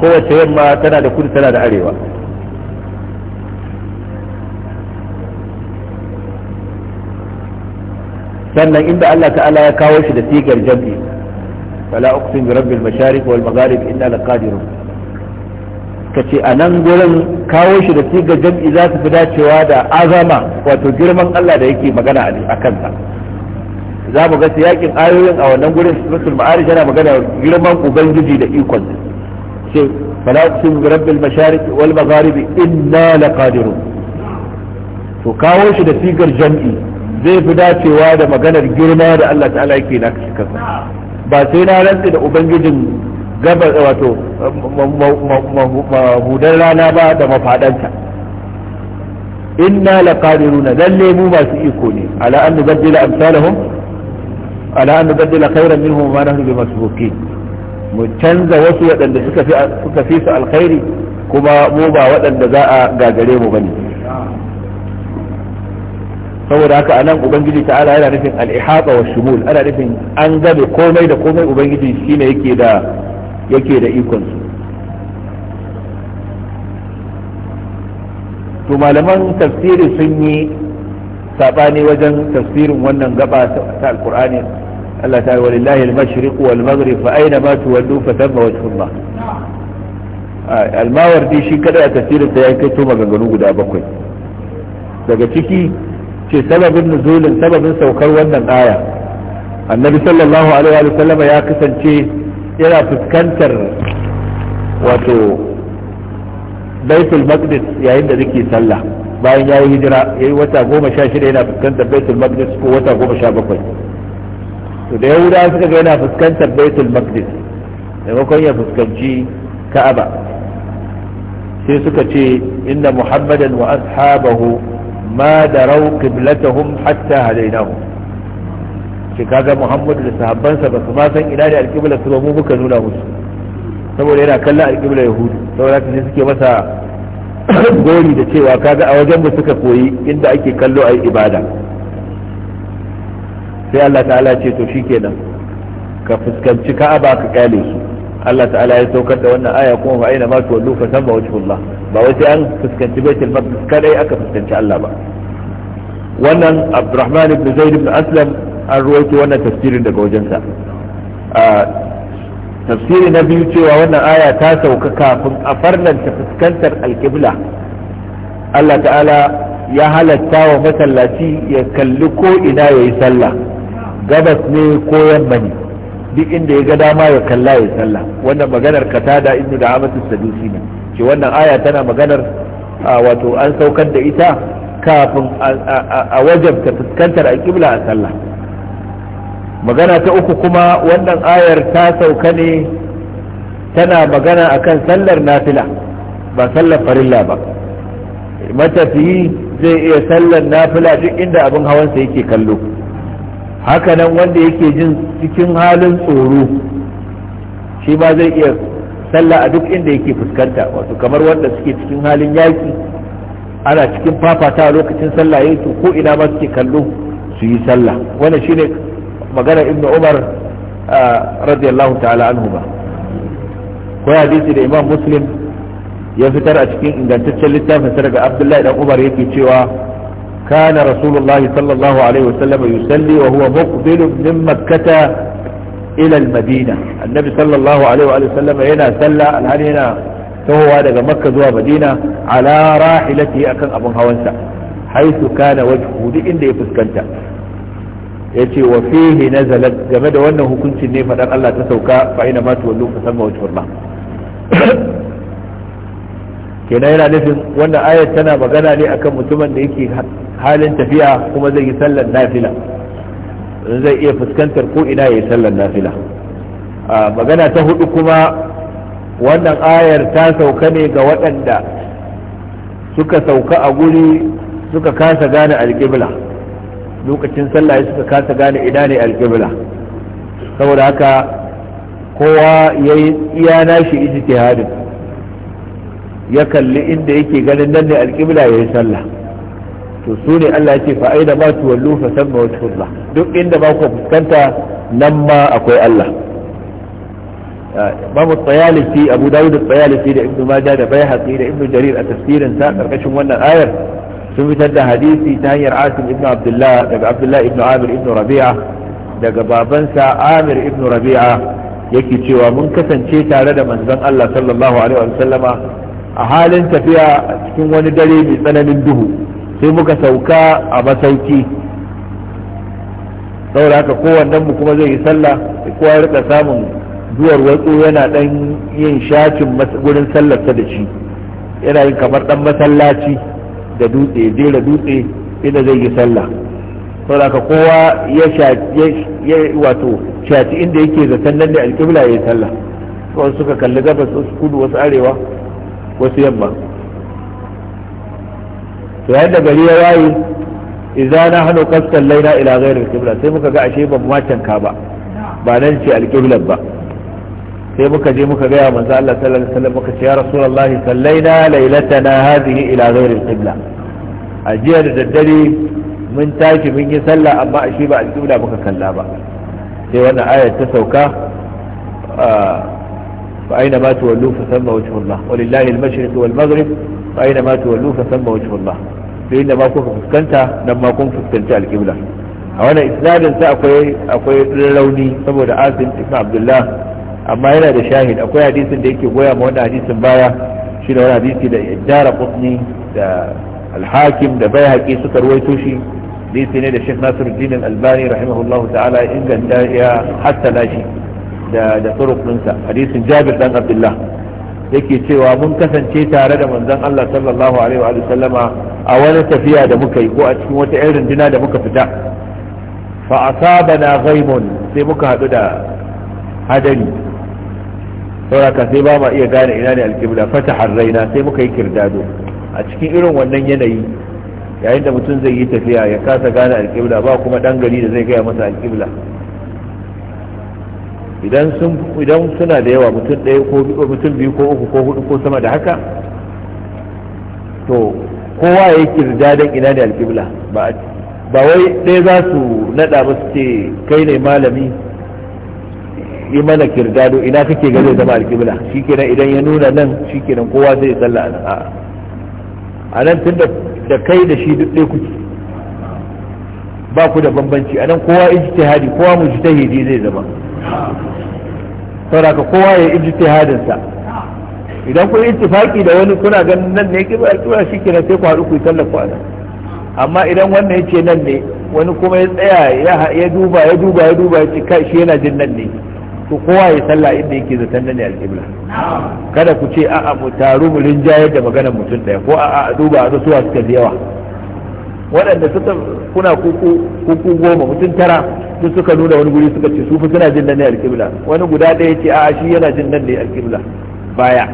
kowace yamma tana da kudu tana da arewa sannan inda Allah ta'ala ya kawo shi da sigar jam'i fala uqsim bi rabbil mashariq wal magharib inna laqadirun ka ce a nan gurin kawo shi da siga jam'i za su fi dacewa da azama wato girman Allah da yake magana a kansa za mu ga yakin ayoyin a wannan gurin suratul ma'arij yana magana girman ubangiji da ikon ce fala uqsim bi rabbil mashariq wal magharib inna laqadirun to kawo shi da sigar jam'i zai fi dacewa da maganar girma da Allah ta'ala yake na kansa ba sai na rantsi da ubangijin gaba wato mahudan rana ba da mafadanta inna laqadiruna lalle mu masu iko ne ala an nubaddila amsalahum ala an nubaddila khairan minhum ma nahnu bimasbuqin mu canza wasu waɗanda suka fi suka fi su alkhairi kuma mu ba waɗanda za a gagare mu bane saboda haka anan ubangiji ta'ala yana nufin al-ihata wa shumul ana nufin an gabe komai da komai ubangiji shine yake da yake da ikon su to malaman tafsiri sun yi sabani wajen tafsirin wannan gaba ta alkur'ani Allah ta walillahi al-mashriq wal maghrib fa aina ma tuwallu fa thamma wajhullah al-mawardi shi kada a tafsirin sa ya kai to maganganu guda bakwai daga ciki ce sababin nuzulin sababin saukar wannan aya annabi sallallahu alaihi wa sallama ya kasance yana fuskantar wato baitul maqdis yayin da nake sallah bayan ya yi hijira ya wata goma sha shida yana fuskantar baitul maqdis ko wata goma sha bakwai to da yahudawa suka ga yana fuskantar baitul maqdis maimakon ya fuskanci ka'aba sai suka ce inna muhammadan wa ashabahu ma darau qiblatahum hatta hadainahum ce kaga muhammadu da sahabbansa ba su ma san ina da alƙibla su ba mu muka nuna musu saboda yana kallon alƙibla yahudu saboda haka sai suke masa gori da cewa kaga a wajen mu suka koyi inda ake kallo a yi ibada sai Allah ta'ala ce to shikenan ka fuskanci ba ka kyale su Allah ta'ala ya saukar da wannan aya kuma fa aina ma tuwallu fa samma wajhullah ba wai sai an fuskanci baitul maqdis kadai aka fuskanci Allah ba wannan Abdurrahman ibn Zaid ibn Aslam an ruwaito wannan tafsirin daga wajensa tafsiri na biyu cewa wannan aya ta sauka kafin a farlanta fuskantar alkibla Allah ta'ala ya halatta wa masallaci ya kalli ko ina ya yi sallah gabas ne ko yamma ne duk inda ya ga dama ya kalla ya sallah wannan maganar katada ibnu da amatu sadusi ne ce wannan aya tana maganar wato an saukar da ita kafin a wajabta fuskantar alkibla a sallah magana ta uku kuma wannan ayar ta sauka ne tana magana akan sallar nafila ba sallar farilla ba matafiyi zai iya sallar nafila duk inda abin hawansa yake kallo hakanan wanda yake jin cikin halin tsoro shi ma zai iya sallah a duk inda yake fuskanta wato kamar wanda suke cikin halin yaki ana cikin fafata lokacin sallah yake ko ina ma suke kallo su yi sallah wannan shine magana ibnu umar ah, radiyallahu ta'ala anhu ba ko hadisi da imam muslim ya fitar a cikin ingantaccen littafin sa daga abdullahi dan umar yake cewa kana rasulullahi sallallahu alaihi wasallam yusalli wa huwa muqbil min makkah ila madina annabi sallallahu alaihi sallam yana salla alhali yana tahowa daga makka zuwa madina ala rahilati akan abun hawansa haisu kana wajhu duk inda ya fuskanta yace wa fihi nazalat game da wannan hukuncin ne fadar Allah ta sauka fa ina ma tuwallu fa sama wajhu kenan yana nufin wannan ayat tana magana ne akan mutumin da yake halin tafiya kuma zai yi sallar nafila zai iya fuskantar ko ina ya yi sallar nafila magana ta hudu kuma wannan ayar ta sauka ne ga waɗanda suka sauka a guri suka kasa gane alƙibla lokacin sallah ya suka kasa gane ina ne alƙibla saboda haka kowa ya yi iyana iya nashi ijtihadin ya kalli inda yake ganin nan ne alƙibla ya yi sallah to su ne Allah ya ce fa aina ma tuwallu fa samma ba duk inda ba ku fuskanta nan ma akwai Allah Imam Tayalisi Abu Dawud Tayalisi da Ibn Majah da bai haƙi da Ibn Jarir a tafsirin sa karkashin wannan ayar sun fitar da hadisi ta hanyar asim ibn abdullah daga abdullah ibn amir ibn rabi'a daga babansa amir ibn rabi'a yake cewa mun kasance tare da manzon Allah sallallahu alaihi wasallama a halin tafiya a cikin wani dare mai tsananin duhu sai muka sauka a masauki saboda haka kowannen mu kuma zai yi sallah kowa rika samun duwar watsu yana dan yin shacin gurin sallarsa da shi yana yin kamar dan masallaci da dutse ya jera dutse inda zai yi sallah saboda da kowa ya wato shaci inda yake zaton nan da alƙibla ya yi sallah wasu suka kalli gabas wasu kudu wasu arewa wasu yamma to yadda gari ya waye idan na hanu kaskan laina ila ghairil alƙibla sai muka ga ashe ban ma canka ba ba nan ce alqibla ba sai muka je muka gaya manzo Allah sallallahu alaihi wasallam muka ce ya rasulullahi sallaina lailatana hadhihi ila ghairi al-qibla a jiya da daddare mun tashi mun yi sallah amma ashe ba al-qibla muka kalla ba sai wannan ayar ta sauka fa aina ma tuwallu fa thamma wajhullah walillahi al-mashriq wal maghrib fa aina ma tuwallu fa thamma wajhullah sai inda ma kuka fuskanta nan ma kun fuskanci al-qibla a wannan isnadin sai akwai akwai rauni saboda asin ibn abdullah amma yana da shahid akwai hadisin da yake goya ma wani hadisin baya shi da wani hadisi da jara qutni da alhakim da bai suka ruwaito shi hadisi ne da shekh nasiru Al-Albani rahimahullahu ta'ala inganta ya hassala shi da da turuqinsa hadisin Jabir dan Abdullah yake cewa mun kasance tare da manzon Allah sallallahu alaihi wa sallama a wani tafiya da muka yi ko a cikin wata irin dina da muka fita fa asabana ghaibun sai muka haɗu da hadari ka sai ba ma iya gane ina ne alkibla fata harraina sai muka yi kirdado a cikin irin wannan yanayi yayin da mutum zai yi tafiya ya kasa gane alkibla ba kuma dan gari da zai gaya masa alkibla idan sun idan suna da yawa mutum ɗaya ko mutum biyu ko uku ko hudu ko sama da haka to kowa ya yi kirdadan ina ne alkibla ba ba wai ɗaya za su naɗa ba su ce kai ne malami yi mana kirgado ina kake ga zai zama alƙibla shikenan idan ya nuna nan shikenan kowa zai tsalla nan a nan tun da kai da shi duk ɗaya ba ku da bambanci a nan kowa ijtihadi kowa mujtahidi zai zama saboda kowa ya ijtihadin sa idan kun ittifaki da wani kuna ganin nan ne kiba alkibla shikenan sai ku haɗu ku yi sallah amma idan wannan ya ce nan ne wani kuma ya tsaya ya duba ya duba ya duba ya ce kai shi yana jin nan ne to kowa ya sallah inda yake zaton nan ne alƙibla kada ku ce a'a mu taru mu rinjayar da maganar mutum ɗaya ko a'a a duba a suwa suka da yawa waɗanda suka kuna kuku goma mutum tara su suka nuna wani guri suka ce su fi suna jin nan ne alƙibla wani guda ɗaya ce a'a shi yana jin nan ne alƙibla baya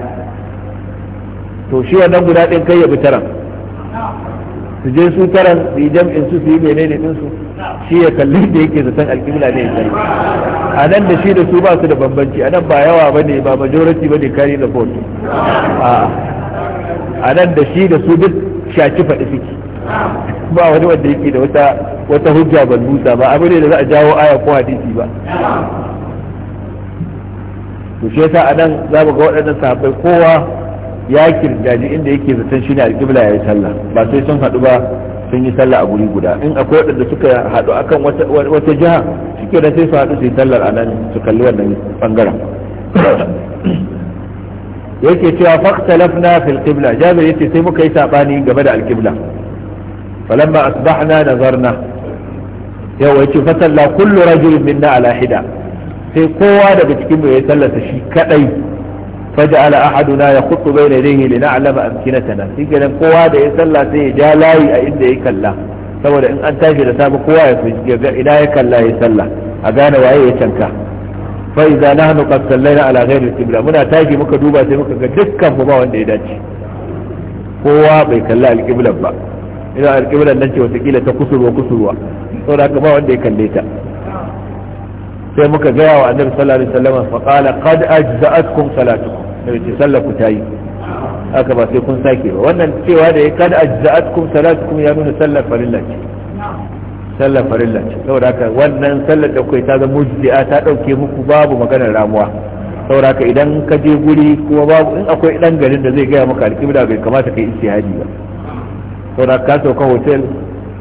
to shi wannan guda ɗin kai ya bi taran su je su karan su yi jam'in su su yi menene din su shi ya kalli da yake zaton alƙibla ne ya a nan da shi da su ba su da bambanci a nan ba yawa ba ne ba majority ba ne kari da vote a nan da shi da su duk shaki faɗi suke ba wani wanda yake da wata wata hujja ban busa ba abu ne da za a jawo aya ko hadisi ba to shi yasa a nan za mu ga waɗannan sahabbai kowa ya kirgaji inda yake zaton shine alƙibla ya yi sallah ba sai sun haɗu ba sun yi sallah a guri guda in akwai waɗanda suka haɗu akan wata jiha suke da sai su haɗu su yi sallar a nan su kalli wannan bangaren yake cewa faktalafna fil qibla jabir yace sai muka yi saɓani game da alqibla falamma asbahna nazarna yawa yace fa salla kullu rajulin minna ala hida sai kowa daga cikin mu yayi sallarsa shi kadai فجعل أحدنا يخط بين يديه لنعلم أمكنتنا في كلام قوة ده يسلى سي جالاي أئد يكلا سوى إن أنت جل سابق قوة إلا يكلا يسلى أغانا وأي يشنكا فإذا نحن قد سلينا على غير القبلة منا تاجي مكا دوبا سي مكا دكا مما وان يداتي قوة بيكلا القبلة با إذا القبلة ننشي وتكيلة كسر وكسر وكسر وكسر وكسر وكسر sai muka gaya wa annabi sallallahu alaihi wasallam fa qala qad ajza'atkum salatukum sai ce sallar ku tayi haka ba sai kun sake ba wannan cewa da ya kad ajza'atkum salatukum ya nuna sallar farilla ce sallar farilla ce saboda haka wannan sallar da kai ta zama mujzi'a ta dauke muku babu maganar ramuwa saboda haka idan ka je guri kuma babu in akwai dan garin da zai gaya maka alƙibla bai kamata kai istihadi ba saboda ka sauka hotel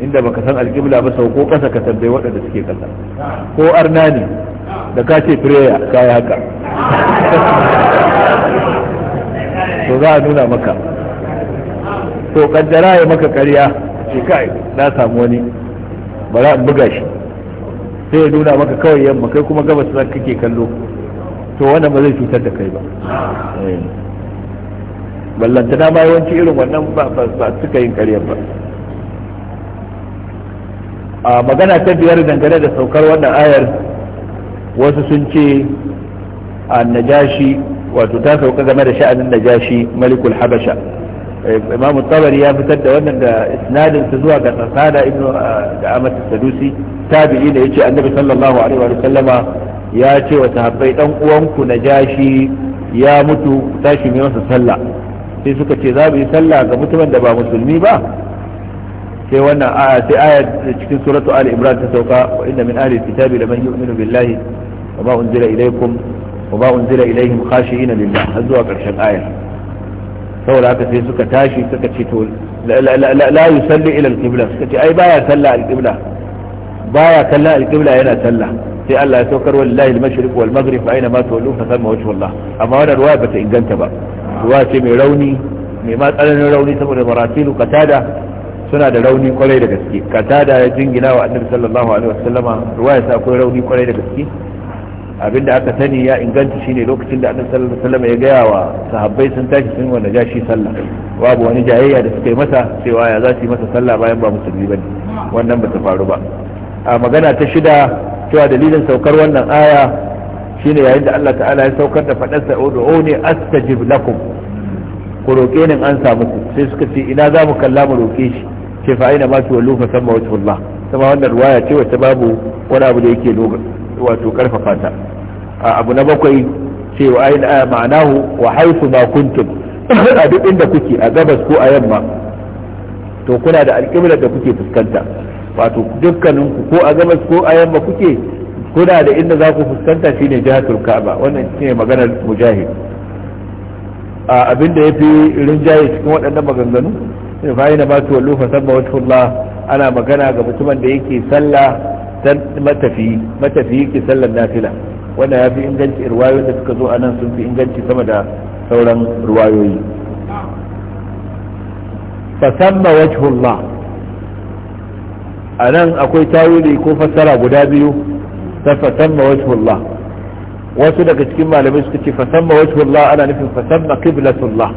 inda baka san alƙibla ba ko ƙasa ka tambayi waɗanda suke ƙasa ko arna ne da ka ce prayer ka yi haka to za a nuna maka to ƙaddara ya maka ƙarya ce kai na samu wani ba za a buga shi sai ya nuna maka kawai yamma kai kuma gabas za kake kallo to wannan ba zai cutar da kai ba eh. ballantana ma yawanci irin wannan ba suka yin ƙaryar ba a magana ta biyar dangane da saukar wannan ayar wasu sun ce Najashi wato ta sauka game da sha'anin najashi malikul habasha eh, imamu tabari ya fitar da wannan da isnadin su zuwa ga sasada ah, da Amata sadusi tabi'i da yace annabi sallallahu alaihi wa sallama ya ce wa sahabbai dan uwanku najashi ya mutu tashi mai masa sallah sai suka ce za mu yi sallah ga mutumin da ba musulmi ba sai wannan aya sai aya cikin suratu ali imran ta sauka wa inna min ahli kitabi laman yu'minu billahi wa ma unzila ilaykum wa ma unzila ilayhim khashi'ina lillah har zuwa karshen aya saboda haka sai suka tashi suka ce to la yusalli ila al-qibla suka ce ai baya sallah al-qibla baya kallon al-qibla yana sallah sai Allah ya saukar wallahi al-mashriq wal maghrib fa aina ma tuwallu fa thamma wajhu Allah amma wannan ruwaya bata inganta ba ruwaya ce mai rauni mai ma tsananin rauni saboda maratilu qatada suna da rauni kwarai da gaske kata da ya jingina wa annabi sallallahu alaihi wasallama ruwaya sa akwai rauni kwarai da gaske abinda aka sani ya inganta shine lokacin da annabi sallallahu alaihi wasallama ya gaya wa sahabbai sun tashi sun wanda shi sallah babu wani jayayya da suka yi masa cewa ya za su yi masa sallah bayan ba musulmi bane wannan ba ta faru ba a magana ta shida cewa dalilin saukar wannan aya shine yayin da Allah ta'ala ya saukar da fadarsa ne astajib lakum ku roƙe ni an samu ku sai suka ce ina za mu kalla mu roƙe shi ce fa aina ma tuwallu fa samma wajhullah kuma wannan ruwaya ce wacce babu wani abu da yake wato karfafa ta abu na bakwai cewa aina ma'anahu wa haythu ma kuntum a duk inda kuke a gabas ko a yamma to kuna da alƙiblar da kuke fuskanta wato ko a gabas ko a yamma kuke kuna da inda za ku fuskanta shine jihatul ka'aba wannan shine maganar mujahid a yafi rinjaye cikin waɗannan maganganu fa'i na masu wallo fa sabba wajhullah ana magana ga mutumin da yake sallah dan matafi matafi yake sallar nafila wanda ya fi inganci ruwayoyin da suka zo a nan sun fi inganci sama da sauran ruwayoyi fasamma wajhullah a nan akwai tawili ko fassara guda biyu ta fasamma wajhullah wasu daga cikin malamai suka ce fasamma wajhullah ana nufin fasamma qiblatullah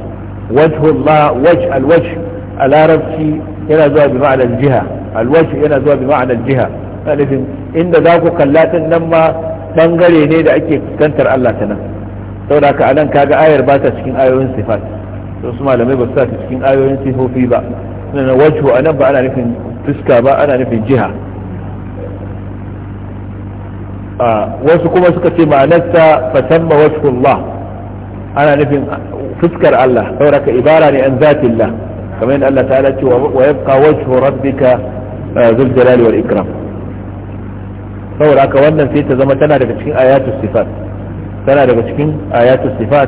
wajhullah wajh alwajh a larabci yana zuwa bi ma'anar jiha alwashi yana zuwa bi ma'anar jiha nufin inda za ku kallatin nan ma bangare ne da ake fuskantar Allah ta nan saboda ka anan kaga ayar ba ta cikin ayoyin sifat to su malamai ba su sa ta cikin ayoyin sifofi ba na wajhu nan ba ana nufin fuska ba ana nufin jiha wasu kuma suka ce ma'anarsa fatamma wajhullah ana nufin fuskar Allah saboda ka ibara ne an zatillah kamar yadda Allah ta'ala ce wa yabqa wajhu rabbika zul uh, jalali wal ikram saboda haka wannan sai ta zama tana daga cikin ayatus sifat tana daga cikin ayatus sifat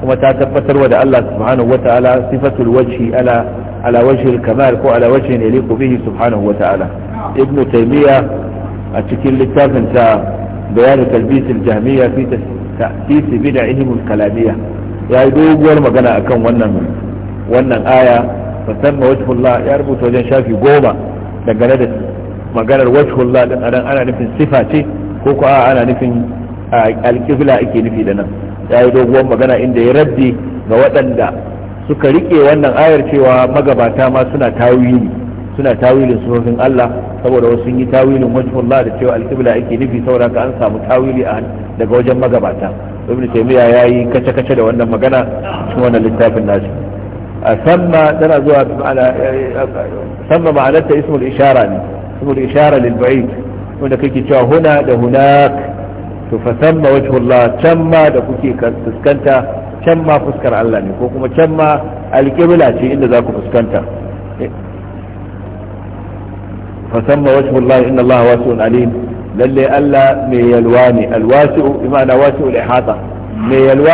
kuma ta tabbatar wa da Allah subhanahu wa ta'ala sifatul wajhi ala ala wajhi kamal ko ala wajhi yaliqu bihi subhanahu wa ta'ala ibn taymiya a cikin littafin ta bayan talbis al-jahmiyya fi ta'sis bid'ihim al-kalamiyya ya yi doguwar magana akan wannan wannan aya musamman wajhullah ya rubuta wajen shafi goma dangane da maganar wajhullah din anan ana nufin sifa ce ko ko ana nufin alqibla ake nufi da nan ya yi doguwar magana inda ya rabbi ga waɗanda suka rike wannan ayar cewa magabata ma suna tawili suna tawilin sunofin Allah saboda wasu sun yi tawilin wajhullah da cewa alqibla ake nufi saboda ka an samu tawili daga wajen magabata ibn taymiya yayi kace kace da wannan magana cikin wannan littafin nasu ثم تنا زوا بمعنى ثم معناتها اسم الإشارة لي. اسم الإشارة للبعيد wanda kake cewa huna da hunak to fa samma wajhullah can ma da kuke fuskanta can fuskar Allah ne ko kuma can ma alƙibla ce inda za ku fuskanta fa samma wajhullah inna Allah wasi'un Allah mai yalwa ne mai yalwa